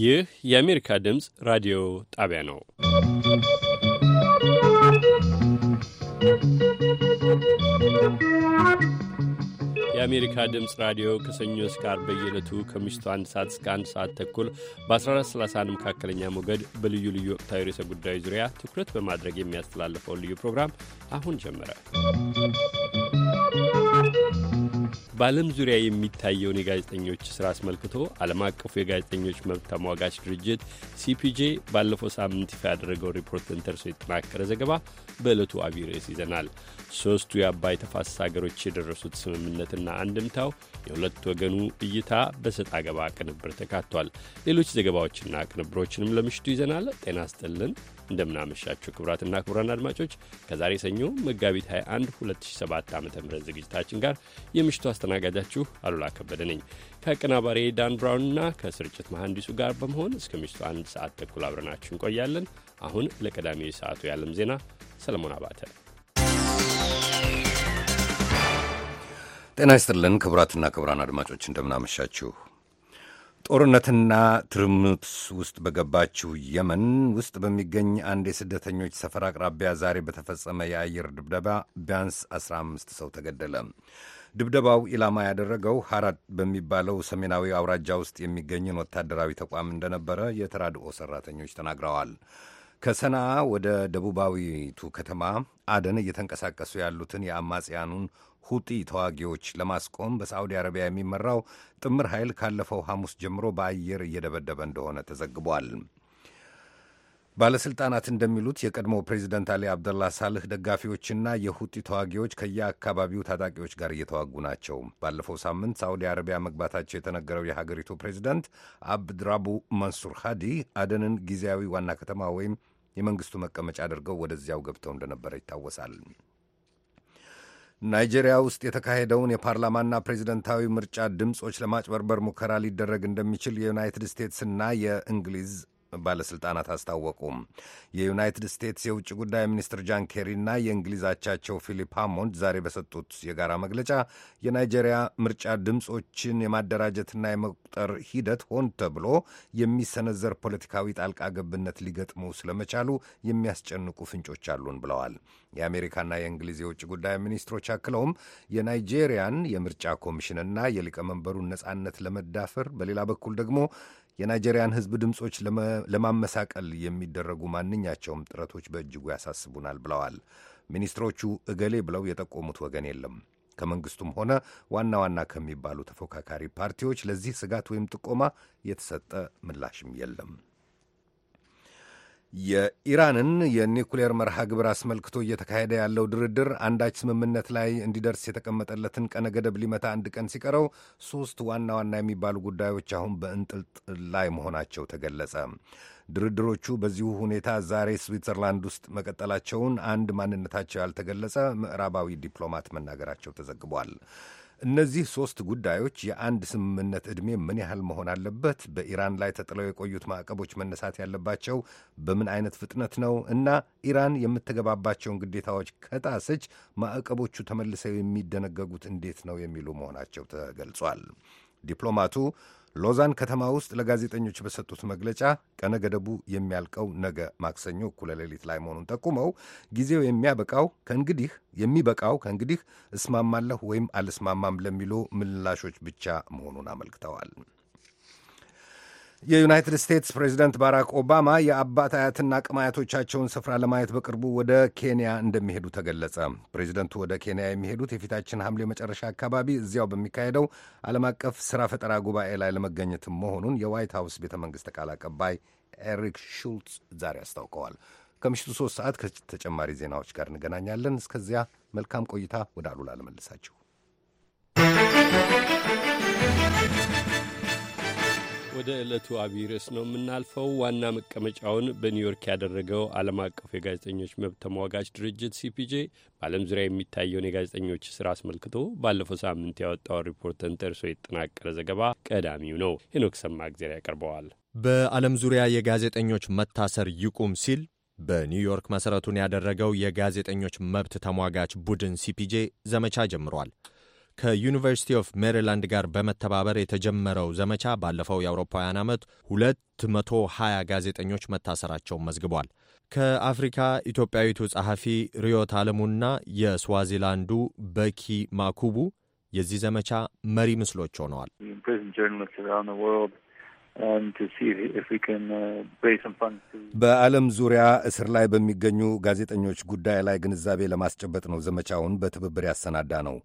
ይህ የአሜሪካ ድምፅ ራዲዮ ጣቢያ ነው። የአሜሪካ ድምፅ ራዲዮ ከሰኞ እስከ አርበየለቱ በየዕለቱ ከምሽቱ አንድ ሰዓት እስከ አንድ ሰዓት ተኩል በ1431 መካከለኛ ሞገድ በልዩ ልዩ ወቅታዊ ርዕሰ ጉዳዮች ዙሪያ ትኩረት በማድረግ የሚያስተላልፈውን ልዩ ፕሮግራም አሁን ጀመረ። በዓለም ዙሪያ የሚታየውን የጋዜጠኞች ስራ አስመልክቶ ዓለም አቀፉ የጋዜጠኞች መብት ተሟጋች ድርጅት ሲፒጄ ባለፈው ሳምንት ይፋ ያደረገው ሪፖርትን ተንተርሶ የተጠናከረ ዘገባ በዕለቱ አብይ ርዕስ ይዘናል። ሦስቱ የአባይ ተፋሰስ ሀገሮች የደረሱት ስምምነትና አንድምታው፣ የሁለት ወገኑ እይታ በሰጥ አገባ ቅንብር ተካቷል። ሌሎች ዘገባዎችና ቅንብሮችንም ለምሽቱ ይዘናል። ጤና ስጥልን እንደምናመሻችሁ ክቡራትና ክቡራን አድማጮች ከዛሬ ሰኞ መጋቢት 21 2007 ዓ ም ዝግጅታችን ጋር የምሽቱ አስተናጋጃችሁ አሉላ ከበደ ነኝ ከአቀናባሪ ዳን ብራውንና ከስርጭት መሐንዲሱ ጋር በመሆን እስከ ምሽቱ አንድ ሰዓት ተኩል አብረናችሁ እንቆያለን። አሁን ለቀዳሚው ሰዓቱ የዓለም ዜና ሰለሞን አባተ። ጤና ይስጥልን ክቡራትና ክቡራን አድማጮች እንደምናመሻችሁ። ጦርነትና ትርምት ውስጥ በገባችው የመን ውስጥ በሚገኝ አንድ የስደተኞች ሰፈር አቅራቢያ ዛሬ በተፈጸመ የአየር ድብደባ ቢያንስ 15 ሰው ተገደለ። ድብደባው ኢላማ ያደረገው ሀራድ በሚባለው ሰሜናዊ አውራጃ ውስጥ የሚገኝን ወታደራዊ ተቋም እንደነበረ የተራድኦ ሰራተኞች ተናግረዋል። ከሰናአ ወደ ደቡባዊቱ ከተማ አደን እየተንቀሳቀሱ ያሉትን የአማጽያኑን ሁጢ ተዋጊዎች ለማስቆም በሳዑዲ አረቢያ የሚመራው ጥምር ኃይል ካለፈው ሐሙስ ጀምሮ በአየር እየደበደበ እንደሆነ ተዘግቧል። ባለሥልጣናት እንደሚሉት የቀድሞ ፕሬዚደንት አሊ አብደላ ሳልህ ደጋፊዎችና የሁጢ ተዋጊዎች ከየአካባቢው ታጣቂዎች ጋር እየተዋጉ ናቸው። ባለፈው ሳምንት ሳዑዲ አረቢያ መግባታቸው የተነገረው የሀገሪቱ ፕሬዚደንት አብድራቡ መንሱር ሃዲ አደንን ጊዜያዊ ዋና ከተማ ወይም የመንግስቱ መቀመጫ አድርገው ወደዚያው ገብተው እንደነበረ ይታወሳል። ናይጄሪያ ውስጥ የተካሄደውን የፓርላማና ፕሬዚደንታዊ ምርጫ ድምፆች ለማጭበርበር ሙከራ ሊደረግ እንደሚችል የዩናይትድ ስቴትስና የእንግሊዝ ባለሥልጣናት አስታወቁም። የዩናይትድ ስቴትስ የውጭ ጉዳይ ሚኒስትር ጃን ኬሪና የእንግሊዝ አቻቸው ፊሊፕ ሃሞንድ ዛሬ በሰጡት የጋራ መግለጫ የናይጄሪያ ምርጫ ድምፆችን የማደራጀትና የመቁጠር ሂደት ሆን ተብሎ የሚሰነዘር ፖለቲካዊ ጣልቃ ገብነት ሊገጥመው ስለመቻሉ የሚያስጨንቁ ፍንጮች አሉን ብለዋል። የአሜሪካና የእንግሊዝ የውጭ ጉዳይ ሚኒስትሮች አክለውም የናይጄሪያን የምርጫ ኮሚሽንና የሊቀመንበሩን ነጻነት ለመዳፈር በሌላ በኩል ደግሞ የናይጄሪያን ሕዝብ ድምፆች ለማመሳቀል የሚደረጉ ማንኛቸውም ጥረቶች በእጅጉ ያሳስቡናል ብለዋል። ሚኒስትሮቹ እገሌ ብለው የጠቆሙት ወገን የለም። ከመንግስቱም ሆነ ዋና ዋና ከሚባሉ ተፎካካሪ ፓርቲዎች ለዚህ ስጋት ወይም ጥቆማ የተሰጠ ምላሽም የለም። የኢራንን የኒኩሌር መርሃ ግብር አስመልክቶ እየተካሄደ ያለው ድርድር አንዳች ስምምነት ላይ እንዲደርስ የተቀመጠለትን ቀነ ገደብ ሊመታ አንድ ቀን ሲቀረው ሦስት ዋና ዋና የሚባሉ ጉዳዮች አሁን በእንጥልጥል ላይ መሆናቸው ተገለጸ። ድርድሮቹ በዚሁ ሁኔታ ዛሬ ስዊትዘርላንድ ውስጥ መቀጠላቸውን አንድ ማንነታቸው ያልተገለጸ ምዕራባዊ ዲፕሎማት መናገራቸው ተዘግቧል። እነዚህ ሦስት ጉዳዮች የአንድ ስምምነት ዕድሜ ምን ያህል መሆን አለበት? በኢራን ላይ ተጥለው የቆዩት ማዕቀቦች መነሳት ያለባቸው በምን አይነት ፍጥነት ነው? እና ኢራን የምትገባባቸውን ግዴታዎች ከጣሰች ማዕቀቦቹ ተመልሰው የሚደነገጉት እንዴት ነው? የሚሉ መሆናቸው ተገልጿል። ዲፕሎማቱ ሎዛን ከተማ ውስጥ ለጋዜጠኞች በሰጡት መግለጫ ቀነ ገደቡ የሚያልቀው ነገ ማክሰኞ እኩለ ሌሊት ላይ መሆኑን ጠቁመው ጊዜው የሚያበቃው ከእንግዲህ የሚበቃው ከእንግዲህ እስማማለሁ ወይም አልስማማም ለሚሉ ምላሾች ብቻ መሆኑን አመልክተዋል። የዩናይትድ ስቴትስ ፕሬዚደንት ባራክ ኦባማ የአባት አያትና ቅማያቶቻቸውን ስፍራ ለማየት በቅርቡ ወደ ኬንያ እንደሚሄዱ ተገለጸ። ፕሬዚደንቱ ወደ ኬንያ የሚሄዱት የፊታችን ሐምሌ መጨረሻ አካባቢ እዚያው በሚካሄደው ዓለም አቀፍ ሥራ ፈጠራ ጉባኤ ላይ ለመገኘት መሆኑን የዋይት ሃውስ ቤተ መንግሥት ቃል አቀባይ ኤሪክ ሹልትስ ዛሬ አስታውቀዋል። ከምሽቱ ሶስት ሰዓት ከተጨማሪ ዜናዎች ጋር እንገናኛለን። እስከዚያ መልካም ቆይታ። ወደ አሉላ ልመልሳችሁ። ወደ ዕለቱ አብይ ርዕስ ነው የምናልፈው። ዋና መቀመጫውን በኒውዮርክ ያደረገው ዓለም አቀፉ የጋዜጠኞች መብት ተሟጋች ድርጅት ሲፒጄ በዓለም ዙሪያ የሚታየውን የጋዜጠኞች ስራ አስመልክቶ ባለፈው ሳምንት ያወጣው ሪፖርት ተንተርሶ የተጠናቀረ ዘገባ ቀዳሚው ነው። ሄኖክ ሰማእግዜር ያቀርበዋል። በዓለም ዙሪያ የጋዜጠኞች መታሰር ይቁም ሲል በኒውዮርክ መሠረቱን ያደረገው የጋዜጠኞች መብት ተሟጋች ቡድን ሲፒጄ ዘመቻ ጀምሯል። ከዩኒቨርሲቲ ኦፍ ሜሪላንድ ጋር በመተባበር የተጀመረው ዘመቻ ባለፈው የአውሮፓውያን ዓመት 220 ጋዜጠኞች መታሰራቸውን መዝግቧል። ከአፍሪካ ኢትዮጵያዊቱ ጸሐፊ ሪዮት አለሙና የስዋዚላንዱ በኪ ማኩቡ የዚህ ዘመቻ መሪ ምስሎች ሆነዋል። በዓለም ዙሪያ እስር ላይ በሚገኙ ጋዜጠኞች ጉዳይ ላይ ግንዛቤ ለማስጨበጥ ነው ዘመቻውን በትብብር ያሰናዳ ነው።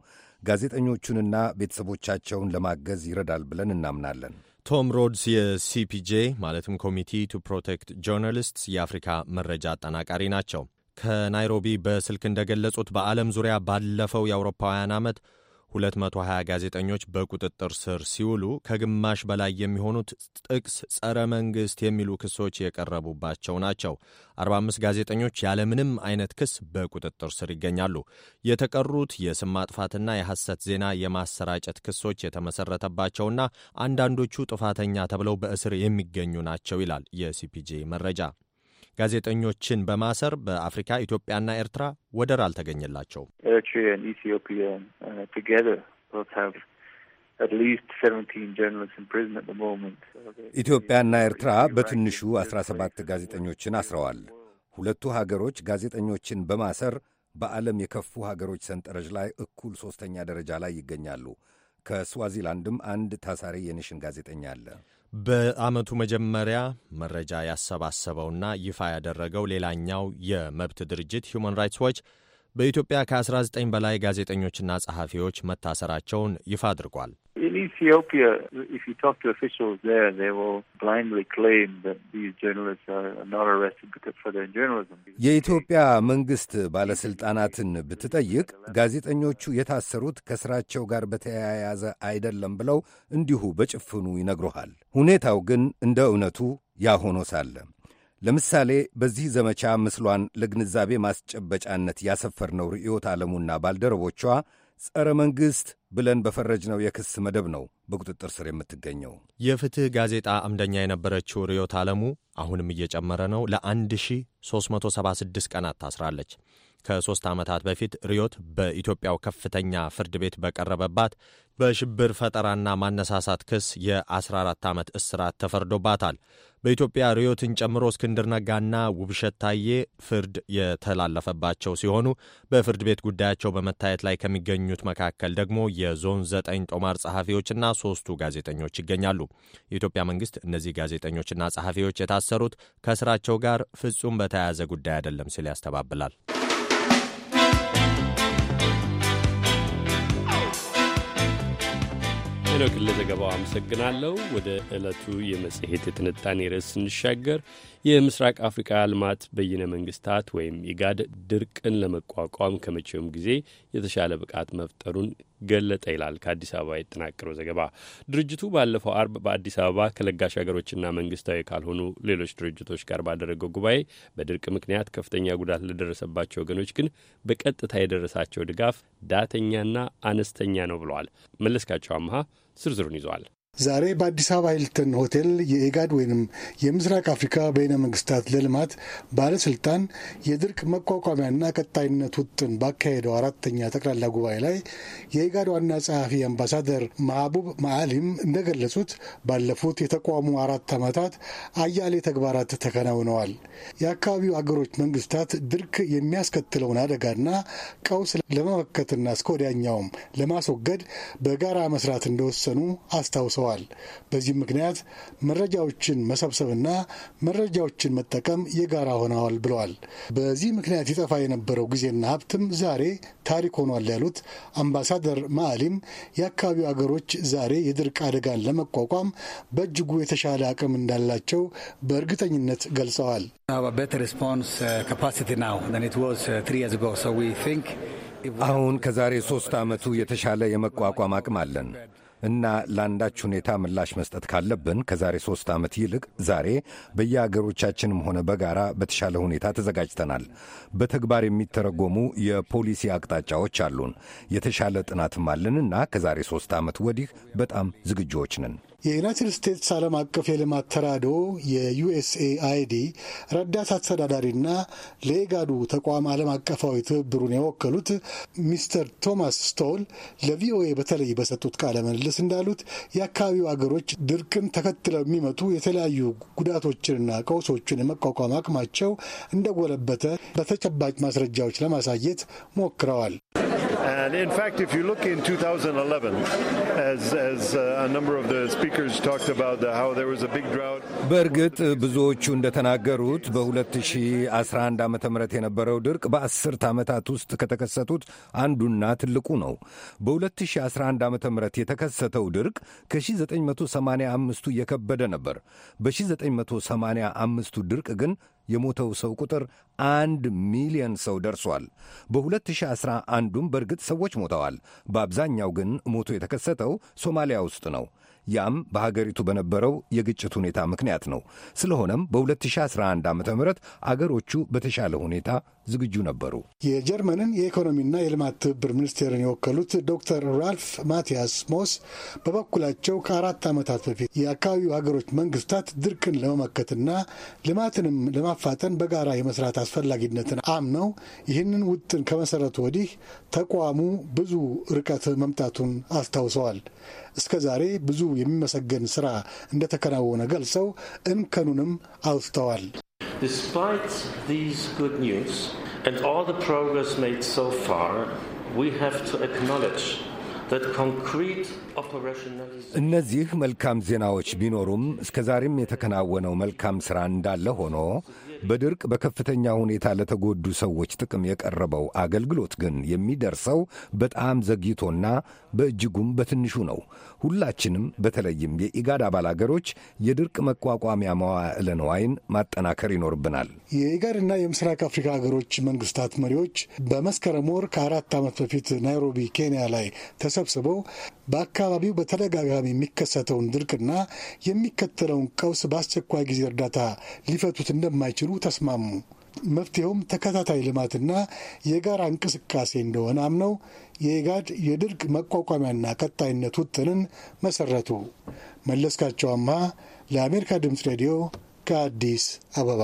ጋዜጠኞቹንና ቤተሰቦቻቸውን ለማገዝ ይረዳል ብለን እናምናለን። ቶም ሮድስ የሲፒጄ ማለትም ኮሚቲ ቱ ፕሮቴክት ጆርናሊስትስ የአፍሪካ መረጃ አጠናቃሪ ናቸው። ከናይሮቢ በስልክ እንደገለጹት በዓለም ዙሪያ ባለፈው የአውሮፓውያን ዓመት 220 ጋዜጠኞች በቁጥጥር ስር ሲውሉ ከግማሽ በላይ የሚሆኑት ጥቅስ ጸረ መንግሥት የሚሉ ክሶች የቀረቡባቸው ናቸው። 45 ጋዜጠኞች ያለምንም አይነት ክስ በቁጥጥር ስር ይገኛሉ። የተቀሩት የስም ማጥፋትና የሐሰት ዜና የማሰራጨት ክሶች የተመሠረተባቸውና አንዳንዶቹ ጥፋተኛ ተብለው በእስር የሚገኙ ናቸው ይላል የሲፒጄ መረጃ። ጋዜጠኞችን በማሰር በአፍሪካ ኢትዮጵያና ኤርትራ ወደር አልተገኘላቸውም። uh, ኢትዮጵያና ኤርትራ በትንሹ አስራ ሰባት ጋዜጠኞችን አስረዋል። ሁለቱ ሀገሮች ጋዜጠኞችን በማሰር በዓለም የከፉ ሀገሮች ሰንጠረዥ ላይ እኩል ሦስተኛ ደረጃ ላይ ይገኛሉ። ከስዋዚላንድም አንድ ታሳሪ የኔሽን ጋዜጠኛ አለ። በዓመቱ መጀመሪያ መረጃ ያሰባሰበውና ይፋ ያደረገው ሌላኛው የመብት ድርጅት ሁማን ራይትስ ዋች በኢትዮጵያ ከ19 በላይ ጋዜጠኞችና ጸሐፊዎች መታሰራቸውን ይፋ አድርጓል። የኢትዮጵያ መንግሥት ባለሥልጣናትን ብትጠይቅ ጋዜጠኞቹ የታሰሩት ከሥራቸው ጋር በተያያዘ አይደለም ብለው እንዲሁ በጭፍኑ ይነግሩሃል። ሁኔታው ግን እንደ እውነቱ ያ ሆኖ ሳለ ለምሳሌ በዚህ ዘመቻ ምስሏን ለግንዛቤ ማስጨበጫነት ያሰፈርነው ርዕዮት ዓለሙና ባልደረቦቿ ጸረ መንግሥት ብለን በፈረጅነው የክስ መደብ ነው በቁጥጥር ስር የምትገኘው። የፍትህ ጋዜጣ አምደኛ የነበረችው ርዕዮት ዓለሙ አሁንም እየጨመረ ነው፣ ለ1376 ቀናት ታስራለች። ከሶስት ዓመታት በፊት ሪዮት በኢትዮጵያው ከፍተኛ ፍርድ ቤት በቀረበባት በሽብር ፈጠራና ማነሳሳት ክስ የ14 ዓመት እስራት ተፈርዶባታል። በኢትዮጵያ ሪዮትን ጨምሮ እስክንድር ነጋና ውብሸት ታዬ ፍርድ የተላለፈባቸው ሲሆኑ በፍርድ ቤት ጉዳያቸው በመታየት ላይ ከሚገኙት መካከል ደግሞ የዞን ዘጠኝ ጦማር ጸሐፊዎችና ሶስቱ ጋዜጠኞች ይገኛሉ። የኢትዮጵያ መንግስት እነዚህ ጋዜጠኞችና ጸሐፊዎች የታሰሩት ከስራቸው ጋር ፍጹም በተያያዘ ጉዳይ አይደለም ሲል ያስተባብላል። ሄኖክን ለዘገባው አመሰግናለሁ። ወደ ዕለቱ የመጽሔት የትንታኔ ርዕስ ስንሻገር የምስራቅ አፍሪካ ልማት በይነ መንግስታት ወይም ኢጋድ ድርቅን ለመቋቋም ከመቼውም ጊዜ የተሻለ ብቃት መፍጠሩን ገለጠ ይላል ከአዲስ አበባ የተጠናቀረው ዘገባ። ድርጅቱ ባለፈው አርብ በአዲስ አበባ ከለጋሽ ሀገሮችና መንግስታዊ ካልሆኑ ሌሎች ድርጅቶች ጋር ባደረገው ጉባኤ በድርቅ ምክንያት ከፍተኛ ጉዳት ለደረሰባቸው ወገኖች ግን በቀጥታ የደረሳቸው ድጋፍ ዳተኛና አነስተኛ ነው ብለዋል። መለስካቸው አምሃ ዝርዝሩን ይዟል። ዛሬ በአዲስ አበባ ሂልተን ሆቴል የኤጋድ ወይንም የምስራቅ አፍሪካ በይነ መንግስታት ለልማት ባለስልጣን የድርቅ መቋቋሚያና ቀጣይነት ውጥን ባካሄደው አራተኛ ጠቅላላ ጉባኤ ላይ የኤጋድ ዋና ጸሐፊ አምባሳደር ማህቡብ ማአሊም እንደገለጹት ባለፉት የተቋሙ አራት ዓመታት አያሌ ተግባራት ተከናውነዋል። የአካባቢው አገሮች መንግስታት ድርቅ የሚያስከትለውን አደጋና ቀውስ ለመመከትና እስከ ወዲያኛውም ለማስወገድ በጋራ መስራት እንደወሰኑ አስታውሰዋል። ተከስተዋል። በዚህ ምክንያት መረጃዎችን መሰብሰብና መረጃዎችን መጠቀም የጋራ ሆነዋል ብለዋል። በዚህ ምክንያት ይጠፋ የነበረው ጊዜና ሀብትም ዛሬ ታሪክ ሆኗል ያሉት አምባሳደር ማዕሊም የአካባቢው አገሮች ዛሬ የድርቅ አደጋን ለመቋቋም በእጅጉ የተሻለ አቅም እንዳላቸው በእርግጠኝነት ገልጸዋል። uh, uh, አሁን ከዛሬ ሶስት ዓመቱ የተሻለ የመቋቋም አቅም አለን። እና ለአንዳች ሁኔታ ምላሽ መስጠት ካለብን ከዛሬ ሶስት ዓመት ይልቅ ዛሬ በየአገሮቻችንም ሆነ በጋራ በተሻለ ሁኔታ ተዘጋጅተናል። በተግባር የሚተረጎሙ የፖሊሲ አቅጣጫዎች አሉን። የተሻለ ጥናትም አለንና ከዛሬ ሶስት ዓመት ወዲህ በጣም ዝግጁዎች ነን። የዩናይትድ ስቴትስ ዓለም አቀፍ የልማት ተራድኦ የዩኤስኤ አይዲ ረዳት አስተዳዳሪና ለኤጋዱ ተቋም ዓለም አቀፋዊ ትብብሩን የወከሉት ሚስተር ቶማስ ስቶል ለቪኦኤ በተለይ በሰጡት ቃለ ምልልስ እንዳሉት የአካባቢው አገሮች ድርቅን ተከትለው የሚመጡ የተለያዩ ጉዳቶችንና ቀውሶችን የመቋቋም አቅማቸው እንደጎለበተ በተጨባጭ ማስረጃዎች ለማሳየት ሞክረዋል። And in fact, if you look in 2011, as, as uh, a number of the speakers talked about the, how there was a big drought. በእርግጥ ብዙዎቹ እንደተናገሩት በ2011 ዓ ም የነበረው ድርቅ በአስርት ዓመታት ውስጥ ከተከሰቱት አንዱና ትልቁ ነው። በ2011 ዓ ም የተከሰተው ድርቅ ከ1985ቱ የከበደ ነበር። በ1985ቱ ድርቅ ግን የሞተው ሰው ቁጥር አንድ ሚሊዮን ሰው ደርሷል። 2011 ዱም በእርግጥ ሰዎች ሞተዋል። በአብዛኛው ግን ሞቱ የተከሰተው ሶማሊያ ውስጥ ነው። ያም በሀገሪቱ በነበረው የግጭት ሁኔታ ምክንያት ነው። ስለሆነም በ2011 ዓ ም አገሮቹ በተሻለ ሁኔታ ዝግጁ ነበሩ። የጀርመንን የኢኮኖሚና የልማት ትብብር ሚኒስቴርን የወከሉት ዶክተር ራልፍ ማቲያስ ሞስ በበኩላቸው ከአራት ዓመታት በፊት የአካባቢው ሀገሮች መንግስታት ድርቅን ለመመከትና ልማትንም ለማፋጠን በጋራ የመስራት አስፈላጊነትን አምነው ይህንን ውጥን ከመሰረቱ ወዲህ ተቋሙ ብዙ ርቀት መምጣቱን አስታውሰዋል። እስከ ዛሬ ብዙ የሚመሰገን ስራ እንደተከናወነ ገልጸው እንከኑንም አውስተዋል። Despite these good news and all the progress made so far, we have to acknowledge እነዚህ መልካም ዜናዎች ቢኖሩም እስከ ዛሬም የተከናወነው መልካም ሥራ እንዳለ ሆኖ በድርቅ በከፍተኛ ሁኔታ ለተጎዱ ሰዎች ጥቅም የቀረበው አገልግሎት ግን የሚደርሰው በጣም ዘግይቶና በእጅጉም በትንሹ ነው። ሁላችንም በተለይም የኢጋድ አባል አገሮች የድርቅ መቋቋሚያ መዋዕለ ማጠናከር ይኖርብናል። የኢጋድና የምስራቅ አፍሪካ ሀገሮች መንግስታት መሪዎች በመስከረም ወር ከአራት ዓመት በፊት ናይሮቢ ኬንያ ላይ ተሰብስበው በአካባቢው በተደጋጋሚ የሚከሰተውን ድርቅና የሚከተለውን ቀውስ በአስቸኳይ ጊዜ እርዳታ ሊፈቱት እንደማይችሉ ተስማሙ። መፍትሄውም ተከታታይ ልማትና የጋራ እንቅስቃሴ እንደሆነ አምነው የኢጋድ የድርቅ መቋቋሚያና ቀጣይነት ውጥንን መሰረቱ። መለስካቸው አምሃ ለአሜሪካ ድምፅ ሬዲዮ ከአዲስ አበባ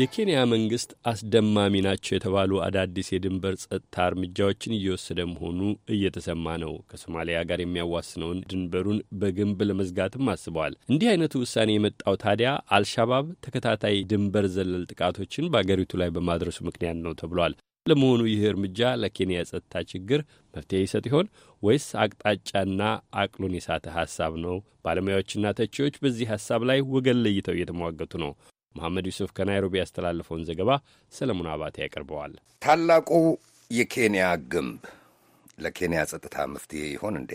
የኬንያ መንግስት አስደማሚ ናቸው የተባሉ አዳዲስ የድንበር ጸጥታ እርምጃዎችን እየወሰደ መሆኑ እየተሰማ ነው። ከሶማሊያ ጋር የሚያዋስነውን ድንበሩን በግንብ ለመዝጋትም አስበዋል። እንዲህ አይነቱ ውሳኔ የመጣው ታዲያ አልሻባብ ተከታታይ ድንበር ዘለል ጥቃቶችን በአገሪቱ ላይ በማድረሱ ምክንያት ነው ተብሏል። ለመሆኑ ይህ እርምጃ ለኬንያ የጸጥታ ችግር መፍትሄ ይሰጥ ይሆን ወይስ አቅጣጫና አቅሉን የሳተ ሀሳብ ነው? ባለሙያዎችና ተቺዎች በዚህ ሀሳብ ላይ ወገን ለይተው እየተሟገቱ ነው። መሐመድ ዩሱፍ ከናይሮቢ ያስተላለፈውን ዘገባ ሰለሞን አባቴ ያቀርበዋል። ታላቁ የኬንያ ግንብ ለኬንያ ጸጥታ መፍትሄ ይሆን እንዴ?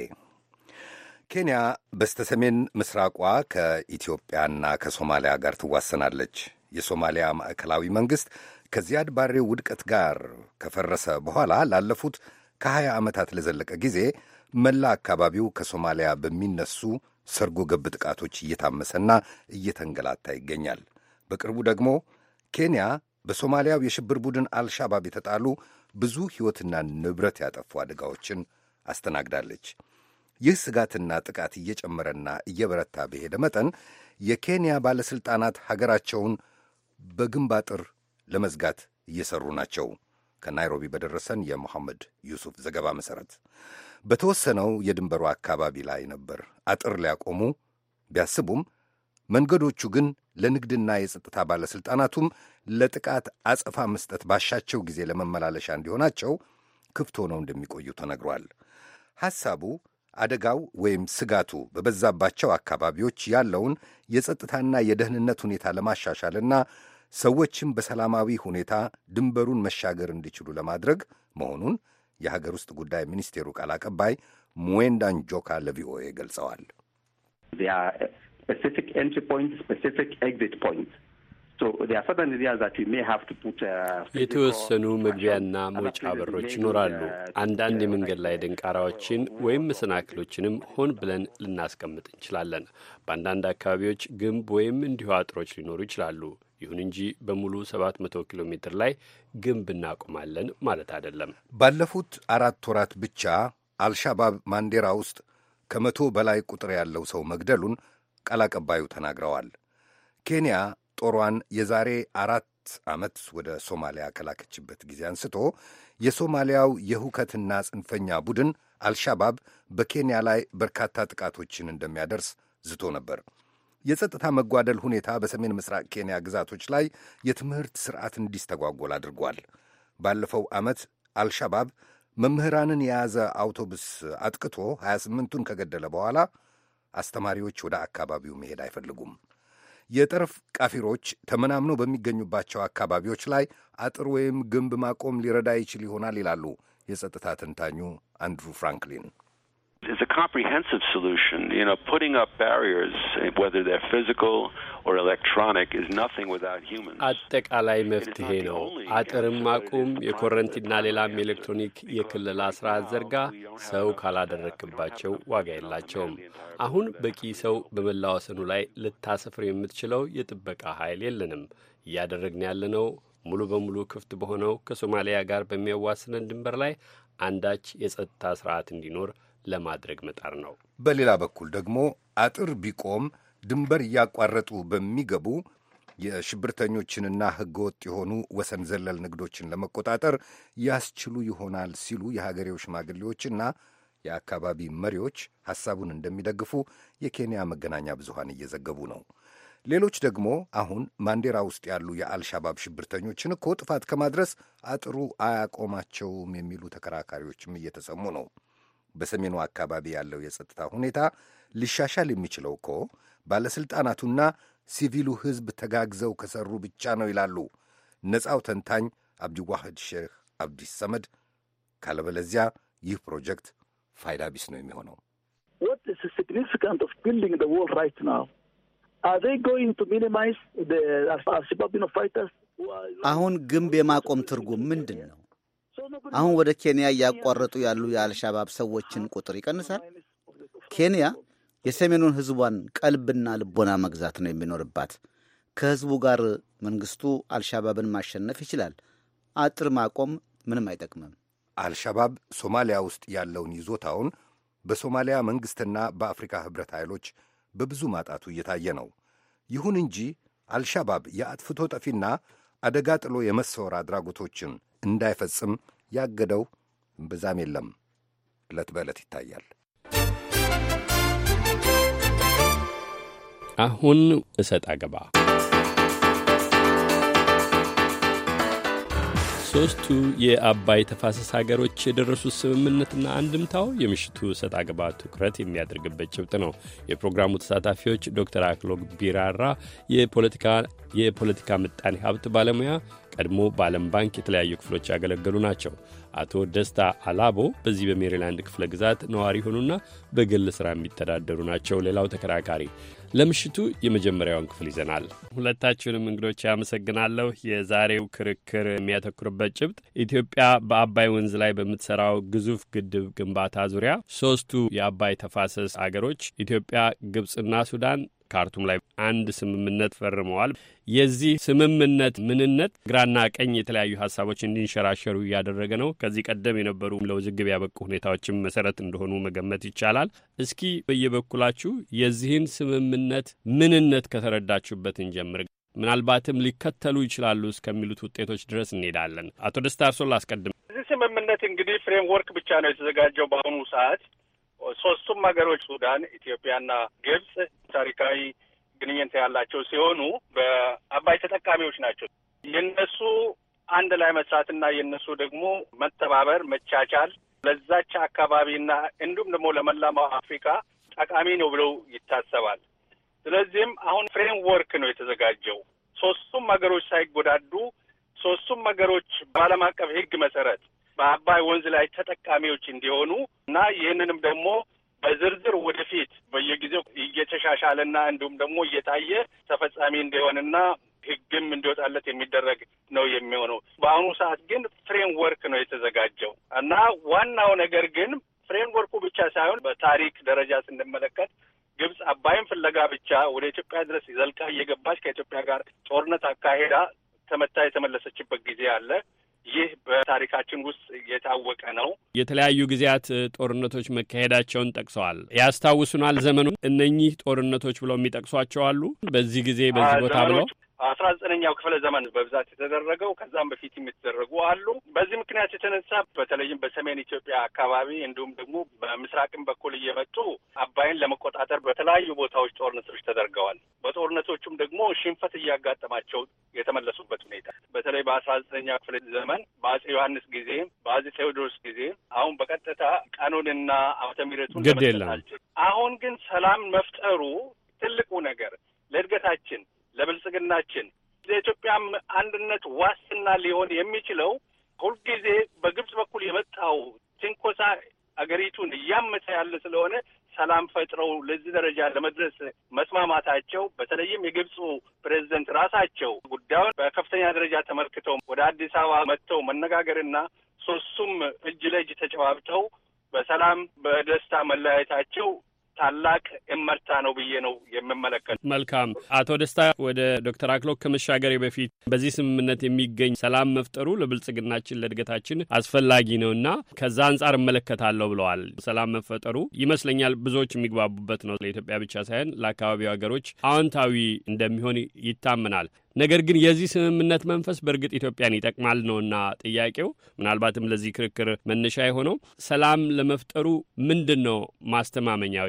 ኬንያ በስተሰሜን ምስራቋ ከኢትዮጵያና ከሶማሊያ ጋር ትዋሰናለች። የሶማሊያ ማዕከላዊ መንግሥት ከዚያድ ባሬ ውድቀት ጋር ከፈረሰ በኋላ ላለፉት ከሀያ ዓመታት ለዘለቀ ጊዜ መላ አካባቢው ከሶማሊያ በሚነሱ ሰርጎ ገብ ጥቃቶች እየታመሰና እየተንገላታ ይገኛል። በቅርቡ ደግሞ ኬንያ በሶማሊያው የሽብር ቡድን አልሻባብ የተጣሉ ብዙ ሕይወትና ንብረት ያጠፉ አደጋዎችን አስተናግዳለች። ይህ ስጋትና ጥቃት እየጨመረና እየበረታ በሄደ መጠን የኬንያ ባለሥልጣናት ሀገራቸውን በግንብ አጥር ለመዝጋት እየሠሩ ናቸው። ከናይሮቢ በደረሰን የመሐመድ ዩሱፍ ዘገባ መሠረት በተወሰነው የድንበሩ አካባቢ ላይ ነበር አጥር ሊያቆሙ ቢያስቡም መንገዶቹ ግን ለንግድና የጸጥታ ባለሥልጣናቱም ለጥቃት አጸፋ መስጠት ባሻቸው ጊዜ ለመመላለሻ እንዲሆናቸው ክፍት ሆነው እንደሚቆዩ ተነግሯል። ሐሳቡ አደጋው ወይም ስጋቱ በበዛባቸው አካባቢዎች ያለውን የጸጥታና የደህንነት ሁኔታ ለማሻሻልና ሰዎችም በሰላማዊ ሁኔታ ድንበሩን መሻገር እንዲችሉ ለማድረግ መሆኑን የሀገር ውስጥ ጉዳይ ሚኒስቴሩ ቃል አቀባይ ሙዌንዳን ጆካ ለቪኦኤ ገልጸዋል። specific entry points, specific exit points. Uh, የተወሰኑ መግቢያና መውጫ በሮች ይኖራሉ። uh, አንዳንድ uh, የመንገድ ላይ ድንቃራዎችን ወይም መሰናክሎችንም ሆን ብለን ልናስቀምጥ እንችላለን። በአንዳንድ አካባቢዎች ግንብ ወይም እንዲሁ አጥሮች ሊኖሩ ይችላሉ። ይሁን እንጂ በሙሉ 700 ኪሎ ሜትር ላይ ግንብ እናቆማለን ማለት አይደለም። ባለፉት አራት ወራት ብቻ አልሻባብ ማንዴራ ውስጥ ከመቶ በላይ ቁጥር ያለው ሰው መግደሉን ቃል አቀባዩ ተናግረዋል። ኬንያ ጦሯን የዛሬ አራት ዓመት ወደ ሶማሊያ ከላከችበት ጊዜ አንስቶ የሶማሊያው የሁከትና ጽንፈኛ ቡድን አልሻባብ በኬንያ ላይ በርካታ ጥቃቶችን እንደሚያደርስ ዝቶ ነበር። የጸጥታ መጓደል ሁኔታ በሰሜን ምስራቅ ኬንያ ግዛቶች ላይ የትምህርት ስርዓት እንዲስተጓጎል አድርጓል። ባለፈው ዓመት አልሻባብ መምህራንን የያዘ አውቶቡስ አጥቅቶ 28ቱን ከገደለ በኋላ አስተማሪዎች ወደ አካባቢው መሄድ አይፈልጉም። የጠረፍ ቃፊሮች ተመናምነው በሚገኙባቸው አካባቢዎች ላይ አጥር ወይም ግንብ ማቆም ሊረዳ ይችል ይሆናል ይላሉ የጸጥታ ተንታኙ አንድሩ ፍራንክሊን። It's a comprehensive solution, you know, putting up barriers, whether they're physical አጠቃላይ መፍትሄ ነው። አጥርም ማቁም፣ የኮረንቲና ሌላም የኤሌክትሮኒክ የክልላ ስርዓት ዘርጋ ሰው ካላደረክባቸው ዋጋ የላቸውም። አሁን በቂ ሰው በመላወሰኑ ላይ ልታሰፍር የምትችለው የጥበቃ ኃይል የለንም። እያደረግን ያለነው ሙሉ በሙሉ ክፍት በሆነው ከሶማሊያ ጋር በሚያዋስነን ድንበር ላይ አንዳች የጸጥታ ስርዓት እንዲኖር ለማድረግ መጣር ነው። በሌላ በኩል ደግሞ አጥር ቢቆም ድንበር እያቋረጡ በሚገቡ የሽብርተኞችንና ህገወጥ የሆኑ ወሰን ዘለል ንግዶችን ለመቆጣጠር ያስችሉ ይሆናል ሲሉ የሀገሬው ሽማግሌዎችና የአካባቢ መሪዎች ሐሳቡን እንደሚደግፉ የኬንያ መገናኛ ብዙሃን እየዘገቡ ነው። ሌሎች ደግሞ አሁን ማንዴራ ውስጥ ያሉ የአልሻባብ ሽብርተኞችን እኮ ጥፋት ከማድረስ አጥሩ አያቆማቸውም የሚሉ ተከራካሪዎችም እየተሰሙ ነው። በሰሜኑ አካባቢ ያለው የጸጥታ ሁኔታ ሊሻሻል የሚችለው እኮ ባለሥልጣናቱና ሲቪሉ ሕዝብ ተጋግዘው ከሠሩ ብቻ ነው ይላሉ ነፃው ተንታኝ አብዲዋህድ ሼህ አብዲስ ሰመድ። ካለበለዚያ ይህ ፕሮጀክት ፋይዳ ቢስ ነው የሚሆነው። አሁን ግንብ የማቆም ትርጉም ምንድን ነው? አሁን ወደ ኬንያ እያቋረጡ ያሉ የአልሻባብ ሰዎችን ቁጥር ይቀንሳል? ኬንያ የሰሜኑን ህዝቧን ቀልብና ልቦና መግዛት ነው የሚኖርባት። ከህዝቡ ጋር መንግስቱ አልሻባብን ማሸነፍ ይችላል። አጥር ማቆም ምንም አይጠቅምም። አልሻባብ ሶማሊያ ውስጥ ያለውን ይዞታውን በሶማሊያ መንግሥትና በአፍሪካ ኅብረት ኃይሎች በብዙ ማጣቱ እየታየ ነው። ይሁን እንጂ አልሻባብ የአጥፍቶ ጠፊና አደጋ ጥሎ የመሰወር አድራጎቶችን እንዳይፈጽም ያገደው እምብዛም የለም። ዕለት በዕለት ይታያል። አሁን እሰጥ አገባ ሶስቱ የአባይ ተፋሰስ ሀገሮች የደረሱት ስምምነትና አንድምታው የምሽቱ እሰጥ አገባ ትኩረት የሚያደርግበት ጭብጥ ነው። የፕሮግራሙ ተሳታፊዎች ዶክተር አክሎግ ቢራራ የፖለቲካ ምጣኔ ሀብት ባለሙያ ቀድሞ በዓለም ባንክ የተለያዩ ክፍሎች ያገለገሉ ናቸው። አቶ ደስታ አላቦ በዚህ በሜሪላንድ ክፍለ ግዛት ነዋሪ ሆኑና በግል ሥራ የሚተዳደሩ ናቸው። ሌላው ተከራካሪ ለምሽቱ የመጀመሪያውን ክፍል ይዘናል። ሁለታችሁንም እንግዶች ያመሰግናለሁ። የዛሬው ክርክር የሚያተኩርበት ጭብጥ ኢትዮጵያ በአባይ ወንዝ ላይ በምትሰራው ግዙፍ ግድብ ግንባታ ዙሪያ ሶስቱ የአባይ ተፋሰስ አገሮች ኢትዮጵያ፣ ግብጽና ሱዳን ካርቱም ላይ አንድ ስምምነት ፈርመዋል። የዚህ ስምምነት ምንነት ግራና ቀኝ የተለያዩ ሀሳቦች እንዲንሸራሸሩ እያደረገ ነው። ከዚህ ቀደም የነበሩ ለውዝግብ ያበቁ ሁኔታዎችም መሰረት እንደሆኑ መገመት ይቻላል። እስኪ በየበኩላችሁ የዚህን ስምምነት ምንነት ከተረዳችሁበት እንጀምር። ምናልባትም ሊከተሉ ይችላሉ እስከሚሉት ውጤቶች ድረስ እንሄዳለን። አቶ ደስታ እርሶን ላስቀድም። እዚህ ስምምነት እንግዲህ ፍሬምወርክ ብቻ ነው የተዘጋጀው በአሁኑ ሰዓት ሶስቱም ሀገሮች ሱዳን፣ ኢትዮጵያና ግብጽ ታሪካዊ ግንኙነት ያላቸው ሲሆኑ በአባይ ተጠቃሚዎች ናቸው። የነሱ አንድ ላይ መስራትና የነሱ ደግሞ መተባበር፣ መቻቻል ለዛች አካባቢና እንዲሁም ደግሞ ለመላማው አፍሪካ ጠቃሚ ነው ብለው ይታሰባል። ስለዚህም አሁን ፍሬምወርክ ነው የተዘጋጀው ሶስቱም ሀገሮች ሳይጎዳዱ ሶስቱም ሀገሮች በዓለም አቀፍ ሕግ መሰረት በአባይ ወንዝ ላይ ተጠቃሚዎች እንዲሆኑ እና ይህንንም ደግሞ በዝርዝር ወደፊት በየጊዜው እየተሻሻለና እንዲሁም ደግሞ እየታየ ተፈጻሚ እንዲሆንና ሕግም እንዲወጣለት የሚደረግ ነው የሚሆነው። በአሁኑ ሰዓት ግን ፍሬምወርክ ነው የተዘጋጀው እና ዋናው ነገር ግን ፍሬምወርኩ ብቻ ሳይሆን በታሪክ ደረጃ ስንመለከት ግብጽ አባይን ፍለጋ ብቻ ወደ ኢትዮጵያ ድረስ ዘልቃ እየገባች ከኢትዮጵያ ጋር ጦርነት አካሄዳ ተመታ የተመለሰችበት ጊዜ አለ። ይህ በታሪካችን ውስጥ የታወቀ ነው። የተለያዩ ጊዜያት ጦርነቶች መካሄዳቸውን ጠቅሰዋል። ያስታውሱናል ዘመኑን። እነኚህ ጦርነቶች ብለው የሚጠቅሷቸው አሉ። በዚህ ጊዜ በዚህ ቦታ ብለው አስራ ዘጠነኛው ክፍለ ዘመን በብዛት የተደረገው ከዛም በፊት የሚተደረጉ አሉ። በዚህ ምክንያት የተነሳ በተለይም በሰሜን ኢትዮጵያ አካባቢ እንዲሁም ደግሞ በምስራቅም በኩል እየመጡ አባይን ለመቆጣጠር በተለያዩ ቦታዎች ጦርነቶች ተደርገዋል። በጦርነቶቹም ደግሞ ሽንፈት እያጋጠማቸው የተመለሱበት ሁኔታ በተለይ በአስራ ዘጠነኛው ክፍለ ዘመን በአጼ ዮሐንስ ጊዜ፣ በአጼ ቴዎድሮስ ጊዜ አሁን በቀጥታ ቀኑንና ዓመተ ምሕረቱን ለመስጠት አሁን ግን ሰላም መፍጠሩ ትልቁ ነገር ለእድገታችን ለብልጽግናችን ለኢትዮጵያም አንድነት ዋስትና ሊሆን የሚችለው ሁልጊዜ በግብጽ በኩል የመጣው ትንኮሳ አገሪቱን እያመተ ያለ ስለሆነ ሰላም ፈጥረው ለዚህ ደረጃ ለመድረስ መስማማታቸው በተለይም የግብፁ ፕሬዝደንት ራሳቸው ጉዳዩን በከፍተኛ ደረጃ ተመልክተው ወደ አዲስ አበባ መጥተው መነጋገርና ሶስቱም እጅ ለእጅ ተጨባብጠው በሰላም በደስታ መለያየታቸው ታላቅ እመርታ ነው ብዬ ነው የምመለከት። መልካም አቶ ደስታ፣ ወደ ዶክተር አክሎክ ከመሻገሬ በፊት በዚህ ስምምነት የሚገኝ ሰላም መፍጠሩ ለብልጽግናችን ለእድገታችን አስፈላጊ ነውና ከዛ አንጻር እመለከታለሁ ብለዋል። ሰላም መፈጠሩ ይመስለኛል ብዙዎች የሚግባቡበት ነው። ለኢትዮጵያ ብቻ ሳይሆን ለአካባቢው ሀገሮች አዎንታዊ እንደሚሆን ይታመናል። ነገር ግን የዚህ ስምምነት መንፈስ በእርግጥ ኢትዮጵያን ይጠቅማል ነውና ጥያቄው ምናልባትም ለዚህ ክርክር መነሻ የሆነው ሰላም ለመፍጠሩ ምንድን ነው ማስተማመኛው?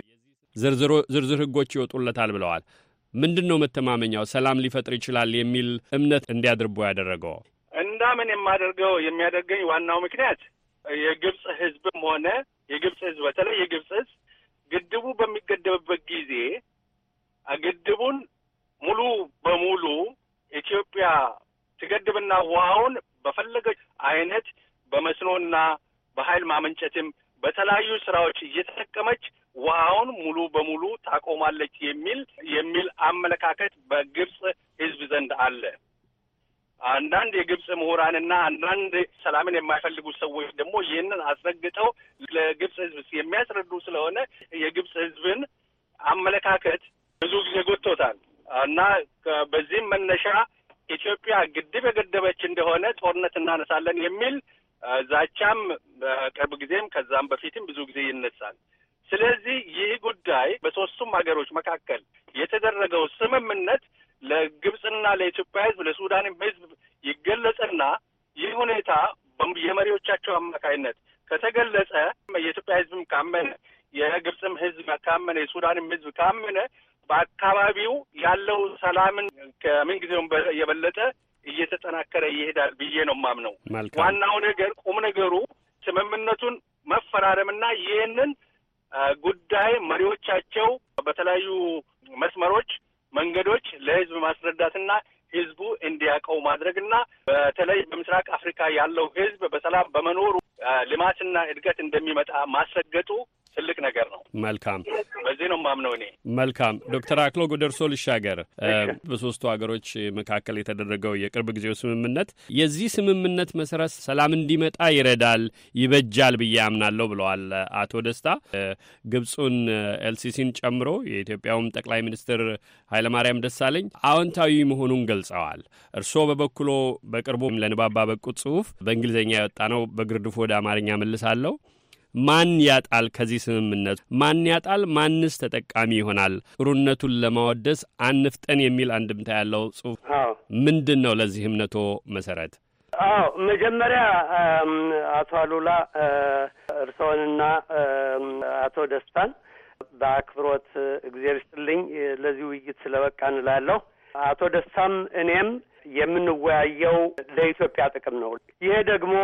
ዝርዝር ህጎች ይወጡለታል ብለዋል። ምንድን ነው መተማመኛው? ሰላም ሊፈጥር ይችላል የሚል እምነት እንዲያድርቦ ያደረገው እንዳምን የማደርገው የሚያደርገኝ ዋናው ምክንያት የግብፅ ህዝብም ሆነ የግብፅ ህዝብ በተለይ የግብፅ ህዝብ ግድቡ በሚገደብበት ጊዜ ግድቡን ሙሉ በሙሉ ኢትዮጵያ ትገድብና ውሃውን በፈለገች አይነት በመስኖና በኃይል ማመንጨትም በተለያዩ ስራዎች እየተጠቀመች ውሃውን ሙሉ በሙሉ ታቆማለች የሚል የሚል አመለካከት በግብፅ ህዝብ ዘንድ አለ። አንዳንድ የግብፅ ምሁራንና አንዳንድ ሰላምን የማይፈልጉ ሰዎች ደግሞ ይህንን አስረግጠው ለግብፅ ህዝብ የሚያስረዱ ስለሆነ የግብፅ ህዝብን አመለካከት ብዙ ጊዜ ጎድቶታል። እና በዚህም መነሻ ኢትዮጵያ ግድብ የገደበች እንደሆነ ጦርነት እናነሳለን የሚል ዛቻም በቅርብ ጊዜም ከዛም በፊትም ብዙ ጊዜ ይነሳል። ስለዚህ ይህ ጉዳይ በሶስቱም ሀገሮች መካከል የተደረገው ስምምነት ለግብፅና ለኢትዮጵያ ሕዝብ ለሱዳንም ሕዝብ ይገለጽና ይህ ሁኔታ የመሪዎቻቸው አማካይነት ከተገለጸ የኢትዮጵያ ሕዝብም ካመነ የግብፅም ሕዝብ ካመነ የሱዳንም ሕዝብ ካመነ በአካባቢው ያለው ሰላምን ከምን የበለጠ እየተጠናከረ ይሄዳል ብዬ ነው ማምነው። ዋናው ነገር ቁም ነገሩ ስምምነቱን መፈራረምና ይህንን ጉዳይ መሪዎቻቸው በተለያዩ መስመሮች፣ መንገዶች ለህዝብ ማስረዳትና ህዝቡ እንዲያውቀው ማድረግና በተለይ በምስራቅ አፍሪካ ያለው ህዝብ በሰላም በመኖሩ ልማትና እድገት እንደሚመጣ ማስረገጡ ትልቅ ነገር ነው። መልካም፣ በዚህ ነው ማምነው እኔ። መልካም ዶክተር አክሎግ ወደ እርሶ ልሻገር። በሶስቱ ሀገሮች መካከል የተደረገው የቅርብ ጊዜው ስምምነት የዚህ ስምምነት መሰረት ሰላም እንዲመጣ ይረዳል ይበጃል ብዬ አምናለሁ ብለዋል አቶ ደስታ። ግብፁን ኤልሲሲን ጨምሮ የኢትዮጵያውም ጠቅላይ ሚኒስትር ኃይለማርያም ደሳለኝ አዎንታዊ መሆኑን ገልጸዋል። እርሶ በበኩሎ በቅርቡ ለንባባ በቁት ጽሁፍ በእንግሊዝኛ የወጣ ነው በግርድፉ ወደ ወደ አማርኛ መልሳለሁ። ማን ያጣል? ከዚህ ስምምነት ማን ያጣል? ማንስ ተጠቃሚ ይሆናል? ሩነቱን ለማወደስ አንፍጠን የሚል አንድምታ ያለው ጽሁፍ ምንድን ነው? ለዚህ እምነቶ መሰረት? አዎ መጀመሪያ አቶ አሉላ እርስዎንና አቶ ደስታን በአክብሮት እግዜር ይስጥልኝ ለዚህ ውይይት ስለበቃን እላለሁ። አቶ ደስታም እኔም የምንወያየው ለኢትዮጵያ ጥቅም ነው። ይሄ ደግሞ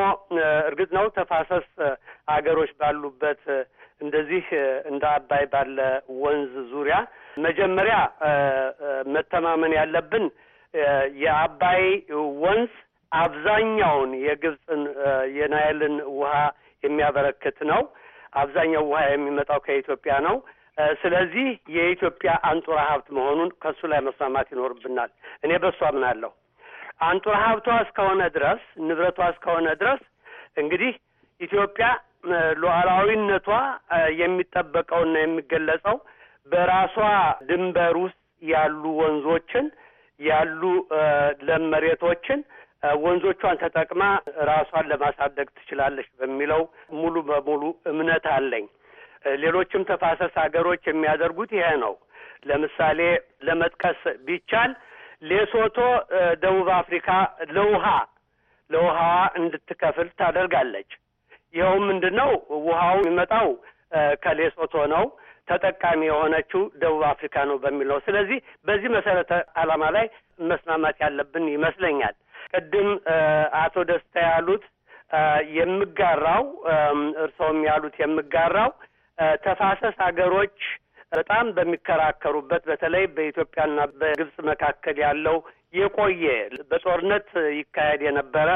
እርግጥ ነው ተፋሰስ ሀገሮች ባሉበት እንደዚህ እንደ አባይ ባለ ወንዝ ዙሪያ መጀመሪያ መተማመን ያለብን የአባይ ወንዝ አብዛኛውን የግብፅን የናይልን ውሃ የሚያበረክት ነው። አብዛኛው ውሃ የሚመጣው ከኢትዮጵያ ነው። ስለዚህ የኢትዮጵያ አንጡራ ሀብት መሆኑን ከሱ ላይ መስማማት ይኖርብናል። እኔ በሱ አምናለሁ። አንጡራ ሀብቷ እስከሆነ ድረስ ንብረቷ እስከሆነ ድረስ እንግዲህ ኢትዮጵያ ሉዓላዊነቷ የሚጠበቀውና የሚገለጸው በራሷ ድንበር ውስጥ ያሉ ወንዞችን ያሉ ለም መሬቶችን ወንዞቿን ተጠቅማ ራሷን ለማሳደግ ትችላለች በሚለው ሙሉ በሙሉ እምነት አለኝ። ሌሎችም ተፋሰስ ሀገሮች የሚያደርጉት ይሄ ነው። ለምሳሌ ለመጥቀስ ቢቻል ሌሶቶ ደቡብ አፍሪካ ለውሃ ለውሃዋ እንድትከፍል ታደርጋለች። ይኸውም ምንድን ነው? ውሃው የሚመጣው ከሌሶቶ ነው። ተጠቃሚ የሆነችው ደቡብ አፍሪካ ነው በሚል ነው። ስለዚህ በዚህ መሰረተ ዓላማ ላይ መስማማት ያለብን ይመስለኛል። ቅድም አቶ ደስታ ያሉት የምጋራው እርሰውም ያሉት የምጋራው ተፋሰስ ሀገሮች በጣም በሚከራከሩበት በተለይ በኢትዮጵያና በግብጽ መካከል ያለው የቆየ በጦርነት ይካሄድ የነበረ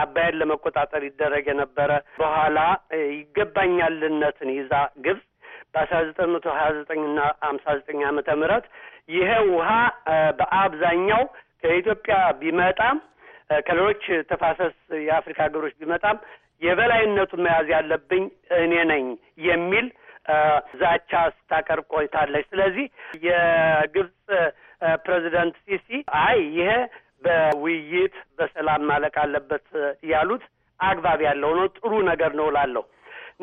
አባይን ለመቆጣጠር ይደረግ የነበረ በኋላ ይገባኛልነትን ይዛ ግብጽ በአስራ ዘጠኝ መቶ ሀያ ዘጠኝና አምሳ ዘጠኝ ዓመተ ምህረት ይሄ ውሃ በአብዛኛው ከኢትዮጵያ ቢመጣም ከሌሎች ተፋሰስ የአፍሪካ ሀገሮች ቢመጣም የበላይነቱን መያዝ ያለብኝ እኔ ነኝ የሚል ዛቻ ስታቀርብ ቆይታለች። ስለዚህ የግብጽ ፕሬዚደንት ሲሲ አይ ይሄ በውይይት በሰላም ማለቅ አለበት ያሉት አግባብ ያለው ነው፣ ጥሩ ነገር ነው ላለሁ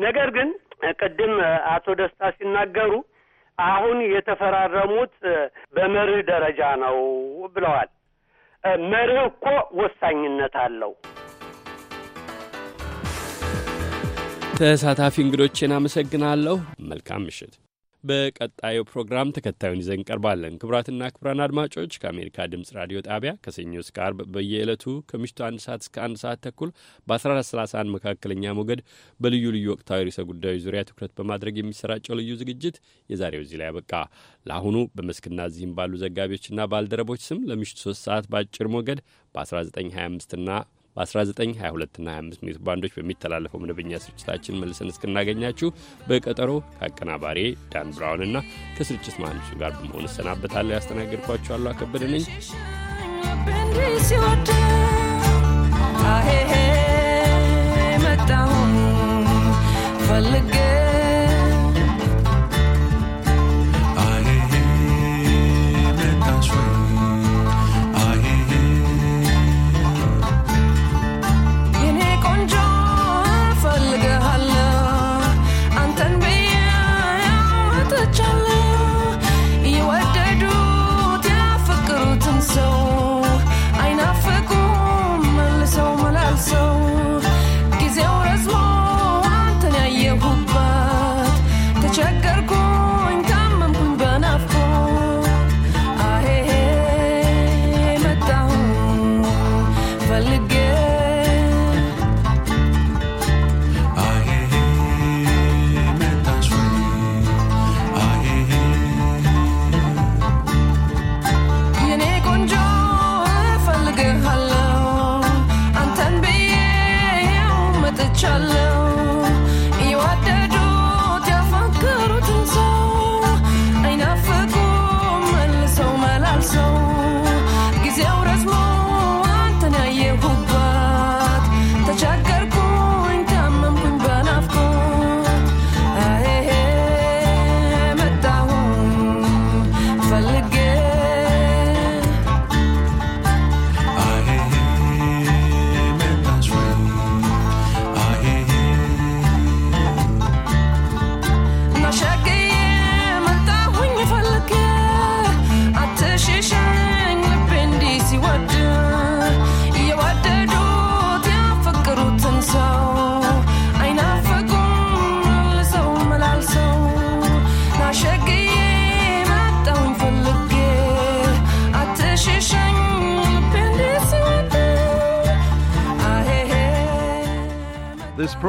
ነገር ግን ቅድም አቶ ደስታ ሲናገሩ አሁን የተፈራረሙት በመርህ ደረጃ ነው ብለዋል። መርህ እኮ ወሳኝነት አለው። ተሳታፊ እንግዶቼን አመሰግናለሁ። መልካም ምሽት። በቀጣዩ ፕሮግራም ተከታዩን ይዘን እንቀርባለን። ክቡራትና ክቡራን አድማጮች ከአሜሪካ ድምፅ ራዲዮ ጣቢያ ከሰኞ እስከ አርብ በየዕለቱ ከምሽቱ አንድ ሰዓት እስከ አንድ ሰዓት ተኩል በ1431 መካከለኛ ሞገድ በልዩ ልዩ ወቅታዊ ርዕሰ ጉዳዮች ዙሪያ ትኩረት በማድረግ የሚሰራጨው ልዩ ዝግጅት የዛሬው እዚህ ላይ አበቃ። ለአሁኑ በመስክና እዚህም ባሉ ዘጋቢዎችና ባልደረቦች ስም ለምሽቱ 3 ሰዓት በአጭር ሞገድ በ1925 ና በ1922 እና 25 ሜትር ባንዶች በሚተላለፈው መደበኛ ስርጭታችን መልሰን እስክናገኛችሁ በቀጠሮ ከአቀናባሪ ዳን ብራውን እና ከስርጭት መሐንዲሱ ጋር በመሆን እሰናበታለሁ። ያስተናገድኳችኋሉ አከበደ ነኝ። ፈልጌ